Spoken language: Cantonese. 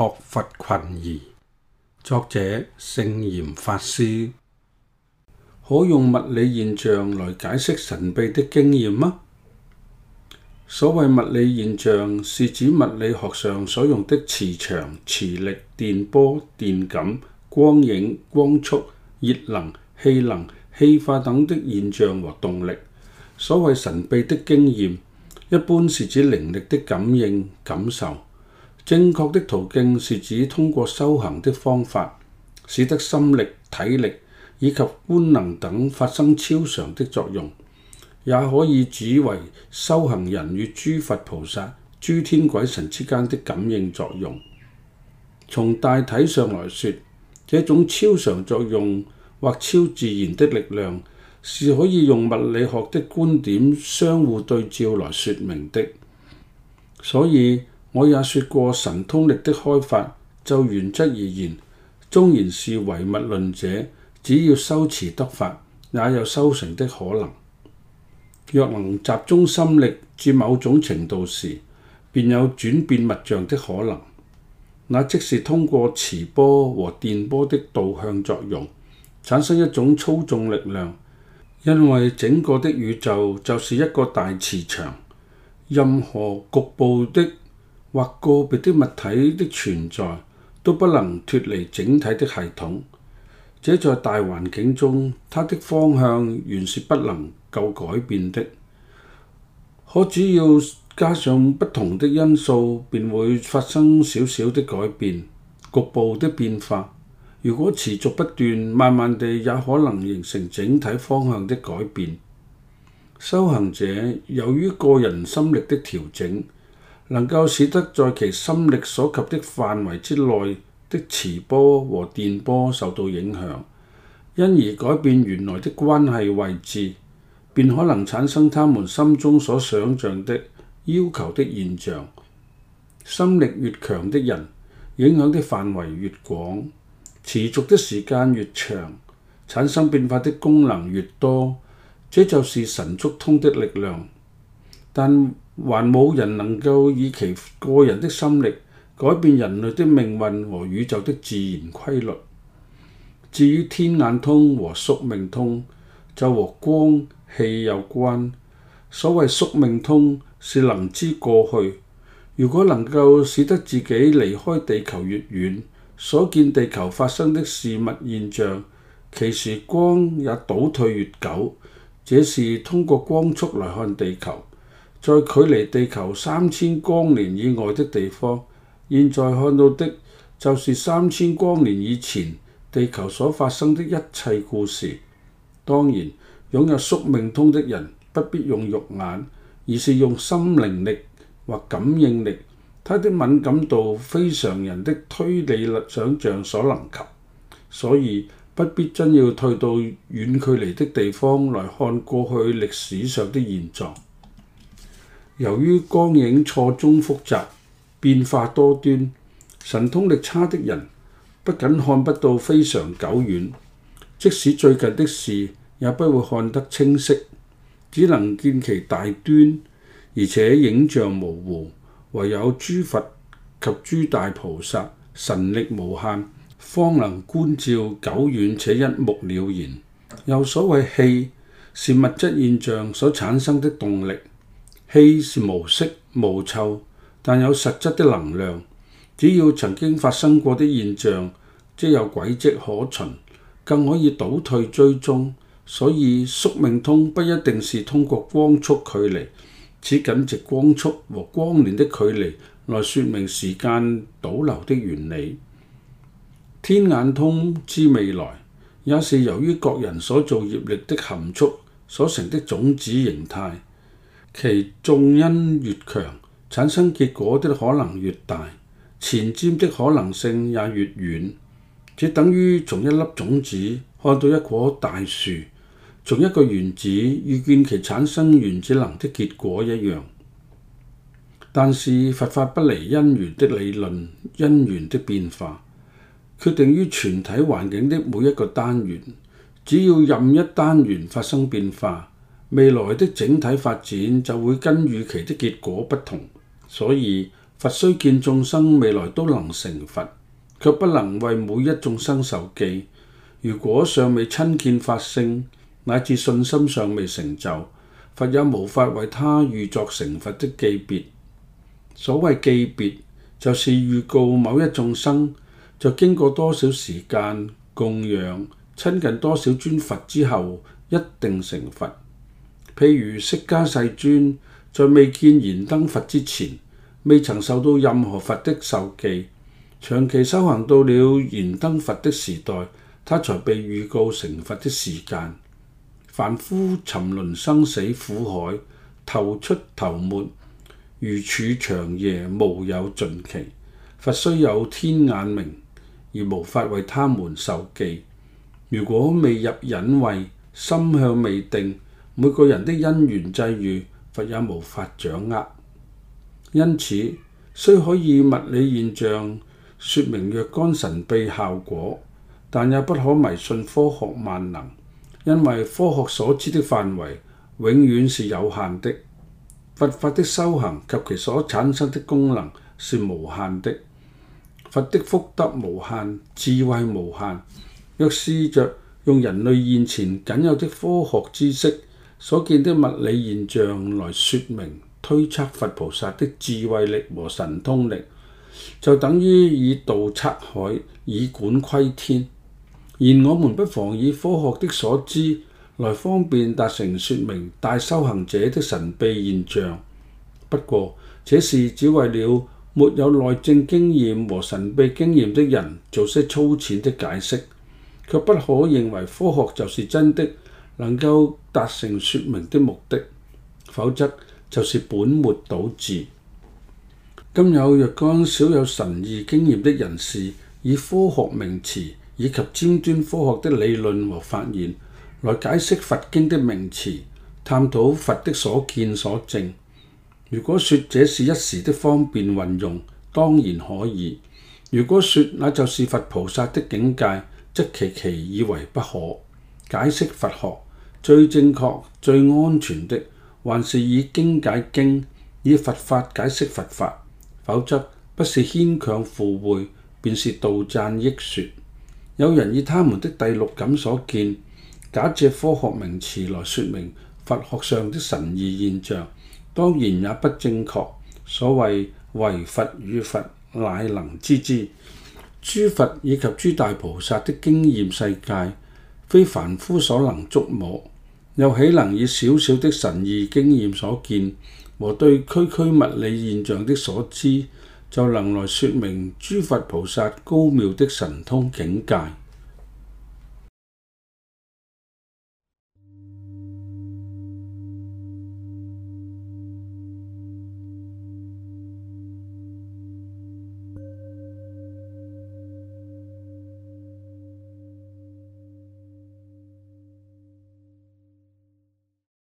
學佛群疑，作者聖嚴法師。可用物理現象來解釋神祕的經驗嗎？所謂物理現象，是指物理學上所用的磁場、磁力、電波、電感、光影、光速、熱能、氣能、氣化等的現象和動力。所謂神祕的經驗，一般是指靈力的感應感受。正確的途徑是指通過修行的方法，使得心力、體力以及官能等發生超常的作用，也可以指為修行人與諸佛菩薩、諸天鬼神之間的感應作用。從大體上來說，這種超常作用或超自然的力量，是可以用物理學的觀點相互對照來說明的，所以。我也說過神通力的開發，就原則而言，縱然是唯物論者，只要修持得法，也有修成的可能。若能集中心力至某種程度時，便有轉變物象的可能。那即是通過磁波和電波的導向作用，產生一種操縱力量。因為整個的宇宙就是一個大磁場，任何局部的。或個別的物體的存在都不能脫離整體的系統，這在大環境中，它的方向原是不能夠改變的。可只要加上不同的因素，便會發生小小的改變、局部的變化。如果持續不斷、慢慢地，也可能形成整體方向的改變。修行者由於個人心力的調整。能夠使得在其心力所及的範圍之內的磁波和電波受到影響，因而改變原來的關係位置，便可能產生他們心中所想像的要求的現象。心力越強的人，影響的範圍越廣，持續的時間越長，產生變化的功能越多。這就是神足通的力量，但。還冇人能夠以其個人的心力改變人類的命運和宇宙的自然規律。至於天眼通和宿命通就和光氣有關。所謂宿命通是能知過去。如果能夠使得自己離開地球越遠，所見地球發生的事物現象，其時光也倒退越久。這是通過光速來看地球。在距離地球三千光年以外的地方，現在看到的，就是三千光年以前地球所發生的一切故事。當然，擁有宿命通的人不必用肉眼，而是用心靈力或感應力，他的敏感度非常人的推理想像所能及，所以不必真要退到遠距離的地方來看過去歷史上的現狀。由於光影錯綜複雜、變化多端，神通力差的人不僅看不到非常久遠，即使最近的事也不會看得清晰，只能見其大端，而且影像模糊。唯有諸佛及諸大菩薩神力無限，方能觀照久遠且一目了然。又所謂氣，是物質現象所產生的動力。氣是無色無臭，但有實質的能量。只要曾經發生過的現象，即有軌跡可循，更可以倒退追蹤。所以宿命通不一定是通過光速距離，只僅藉光速和光年的距離來說明時間倒流的原理。天眼通知未來，也是由於各人所造業力的含蓄所成的種子形態。其種因越強，產生結果的可能越大，前瞻的可能性也越遠。這等於從一粒種子看到一棵大樹，從一個原子預見其產生原子能的結果一樣。但是佛法，法不離因緣的理論，因緣的變化決定於全體環境的每一個單元。只要任一單元發生變化，未來的整體發展就會跟預期的結果不同，所以佛雖見眾生未來都能成佛，却不能為每一眾生受記。如果尚未親見法性，乃至信心尚未成就，佛也無法為他預作成佛的記別。所謂記別，就是預告某一眾生在經過多少時間供養、親近多少尊佛之後，一定成佛。譬如釋迦世尊在未見燃燈佛之前，未曾受到任何佛的授記，長期修行到了燃燈佛的時代，他才被預告成佛的時間。凡夫沉淪生死苦海，頭出頭沒，如處長夜，無有盡期。佛雖有天眼明，而無法為他們授記，如果未入隱位，心向未定。每個人的因緣際遇，佛也無法掌握。因此，雖可以物理現象說明若干神秘效果，但也不可迷信科學萬能，因為科學所知的範圍永遠是有限的。佛法的修行及其所產生的功能是無限的。佛的福德無限，智慧無限。若試着用人類現前僅有的科學知識，所見的物理現象來説明推測佛菩薩的智慧力和神通力，就等於以道測海，以管窺天。而我們不妨以科學的所知來方便達成説明大修行者的神秘現象。不過，這事只為了沒有內證經驗和神秘經驗的人做些粗淺的解釋，卻不可認為科學就是真的。能夠達成説明的目的，否則就是本末倒置。今有若干少有神異經驗的人士，以科學名詞以及尖端科學的理論和發現來解釋佛經的名詞，探討佛的所見所證。如果說這是一時的方便運用，當然可以；如果說那就是佛菩薩的境界，則其其以為不可。解釋佛學。最正確、最安全的，還是以經解經，以佛法解釋佛法。否則，不是牽強附會，便是道讚益説。有人以他們的第六感所見，假借科學名詞來說明佛學上的神異現象，當然也不正確。所謂唯佛與佛，乃能知之，之。諸佛以及諸大菩薩的經驗世界。非凡夫所能觸摸，又豈能以小小的神異經驗所見和對區區物理現象的所知，就能來説明諸佛菩薩高妙的神通境界？